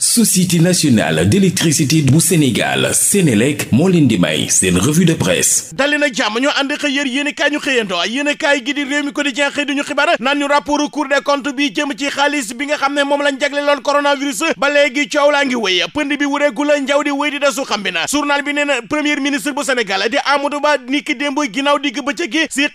société nationale d'électricité bu Sénégal Sénélec moo leen di may seen revue de presse dali nag jàmm ñoo ànd xëy yér yéenekaay ñu xëyanto yéenekaay gi di Rewmi Quotidien xëy duñu xibaar naan ñu rapport Cour des comptes bi jëm ci xaalis bi nga xam ne moom lañ jagleeloon coronavirus ba léegi coow laa ngi wéy pënd bi wureegu la njaw di wéy di desu xam bi na journal bi nee na ministre bu Sénégal di Amadou Ba ni ki démb ginnaaw digg gi siq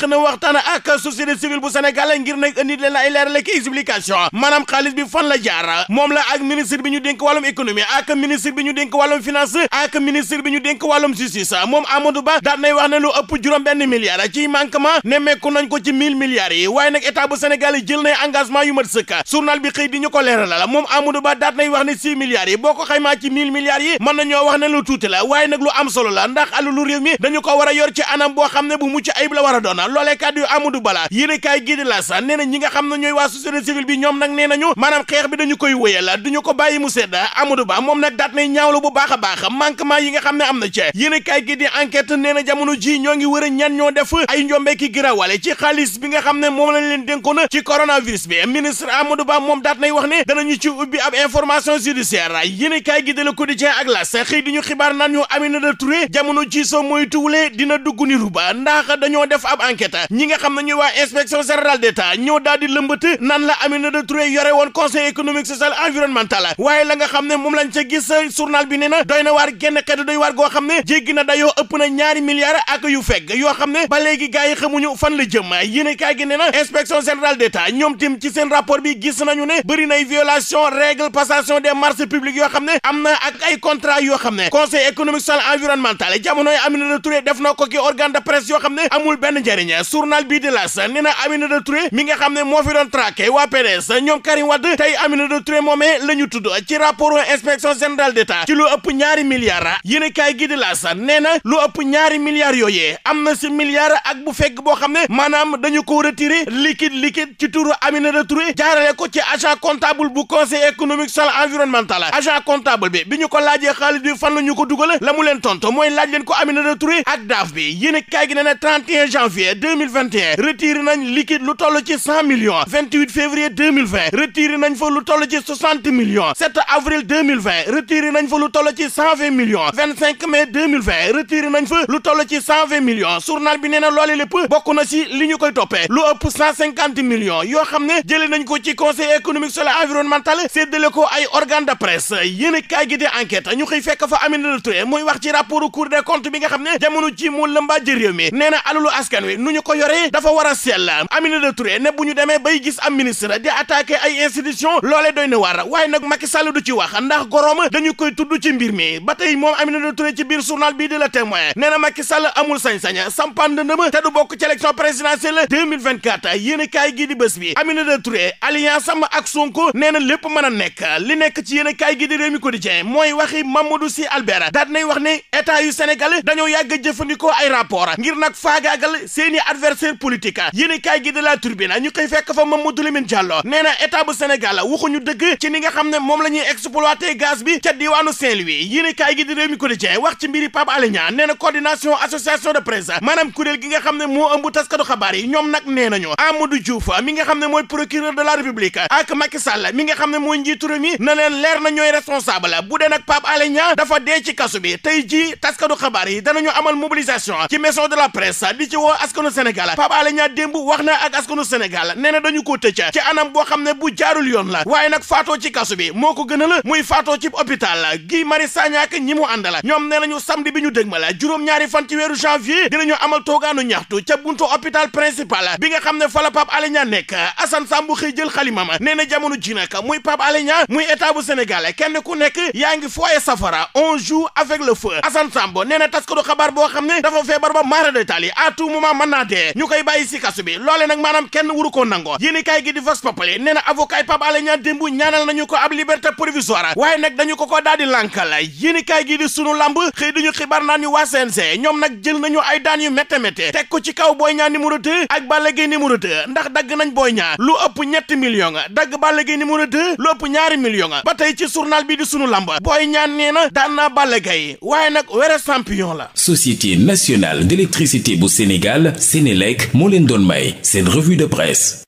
dénk wàllum économie ak ministre bi ñu dénk wàllum finance ak ministre bi ñu dénk wàllum justice moom Amadou Ba daan nay wax lu ëpp juróom benn milliard ci manquement nemmeeku nañ ko ci mille milliards yi waaye nag état bu Sénégal yi jël yu mat sëkk journal bi xëy di ñu ko leeralal moom Amadou Ba daan nay wax ne six yi boo ko xaymaa ci mille milliards yi mën nañoo wax ne lu tuuti la waaye lu am solo la ndax alalu réew mi dañu di Z Amadou Ba moom nag daat nay ñaawlu bu baax a baax manquement yi nga xam ne am na ci yéen kaay gi di enquête nee na jamono ji ñoo ngi wër a ñan ñoo def ay njombee ki girawale ci xaalis bi nga xam ne moom lañ leen dénkoon ci coronavirus bi ministre Amadou Ba moom daat nay wax ne danañu ci ubbi ab information judiciaire yéen kaay gi de Le Quotidien ak la xëy di ñu xibaar na ñu Aminata Touré jamono ji soo mooy tuwulee dina dugg ni ruba ndax dañoo def ab ñi nga xam ne ñuy waa inspection générale d'État ñoo daal di lëmbët naan la Aminata Touré yore woon conseil économique social environnemental waaye la nga xam ne moom lañ ca gis journal bi nee doy na waar genn xeetu doy waar goo xam ne jéggi na dayoo ëpp na ñaari milliards ak yu fekk yoo xam ne ba léegi gars xamuñu fan la jëm yéene kaay gi nee inspection générale d'État ñoom tim ci seen rapport bi gis nañu ne bëri nay violation règle passation des marchés publics yoo xam ne am na ak ay contrat yoo xam ne conseil économique social environnemental jamonoy Aminata Touré def na ko ki organe de presse yoo xam rapportu inspection générale d'État ci lu ëpp ñaari milliards yéen kaay gi di la lu ëpp ñaari milliards yooyee am na si milliards ak bu fekk boo xam ne maanaam dañu ko retiré liquide liquide ci turu Aminata Touré jaarale ko ci agent comptable bu conseil économique social environnemental agent comptable bi bi ñu ko laajee xaalis fan la ñu ko dugal la mu leen tontu mooy laaj leen ko Aminata Touré ak daaf bi yéen kaay gi nee na 31 janvier 2021 retiré nañ liquide lu toll ci 100 millions 28 février 2020 retiré nañ fa lu toll avril 2020 retiré nañ fa lu toll ci 120 millions 25 mai 2020 retiré nañ fa lu toll ci 120 millions bi nee loole lépp bokk na li ñu koy toppee lu ëpp 150 yoo xam ne jëlee nañ ko ci conseil économique social et environnemental séddale ko ay organe de presse yéen di enquête ñu xëy fekk fa Aminata Touré muy wax ci rapport Cour des comptes bi nga xam ne jamono ji mu lëmbaaj réew mi nee na alalu askan wi nu ñu ko yoree dafa war a sell Aminata Touré ne bu ñu demee bay gis am ministre di attaquer ay institutions loolee doy na du ci wax ndax goroom ñu koy tudd ci mbir mi ba tey moom Aminata Touré ci biir journal bii di la témoin nee na Macky amul sañ-sañ sampan dëndëm te du bokk ci élection présidentielle 2024 yéen a kaay gii di bés bi Aminata Touré am ak Sonko nee na lépp mën a nekk li nekk ci yéen a kaay gii di Rewmi Quotidien mooy waxi Mamadou Sy Albert daal nay wax ne état yu Sénégal dañoo yàgg jëfandikoo ay rapport ngir nag faagaagal seeni adversaire politique yéen a kaay gii di La Tribune ñu koy fekk fa Mamadou Lamine Diallo nee na état bu Sénégal dëgg ci ni nga xam ne moom lañuy ñuy exploité gaz bi ca diwaanu Saint-Louis yéenekaay gi di Rewmi Quotidien wax ci mbiri Pape Alé Niang nee na coordination association de presse maanaam gi nga xam ne moo ëmb taskatu xabaar yi ñoom nag nee nañu Amadou Diouf mi nga xam ne mooy procureur de la République ak Macky Sall mi nga xam ne mooy njiitu réew na leen leer na ñooy responsable bu dee nag Pape Alé Niang dafa dee ci kasu bi tey ji taskatu xabaar yi danañu amal mobilisation ci maison de la presse na ak ko tëj ci boo xam ne bu yoon la waaye nag faatoo ci kasu bi gën a la muy faatoo ci hôpital la Guy Marius Sagna ak ñi mu àndala ñoom nee nañu samedi bi ñu dëgma juróom-ñaari fan ci weeru janvier dinañu amal toogaanu ñaxtu ca buntu hôpital principal bi nga xam ne fa la Pape Alé Niang nekk Assane Samb xëy jël xalimama nee na jamono ji nag muy Pape Alé Niang muy état bu Sénégal kenn ku nekk yaa ngi fooye safara on joue avec le feu Assane Samb nee na taskatu xabaar boo xam ne dafa feebar ba maara détail à tout moment mën naa na ko ab liberté provisoire waaye nag dañu ko ko daal di lànkal yéenekaay gi di sunu lamb xëy duñu xibaar naan ñu waa CNG ñoom nag jël nañu ay daan yu métte métte teg ko ci kaw Boy Niang numéro 2 ak Balla Gaye numéro 2 ndax dagg nañ Boy Niang lu ëpp ñetti million dagg Balla Gaye numéro 2 lu ëpp ñaari million ba tey ci journal bi di sunu lamb Boy Niang nee na daan naa Balla Gaye waaye nag were champion la Société nationale d'électricité bu Sénégal Sénélec moo leen doon may seen revue de presse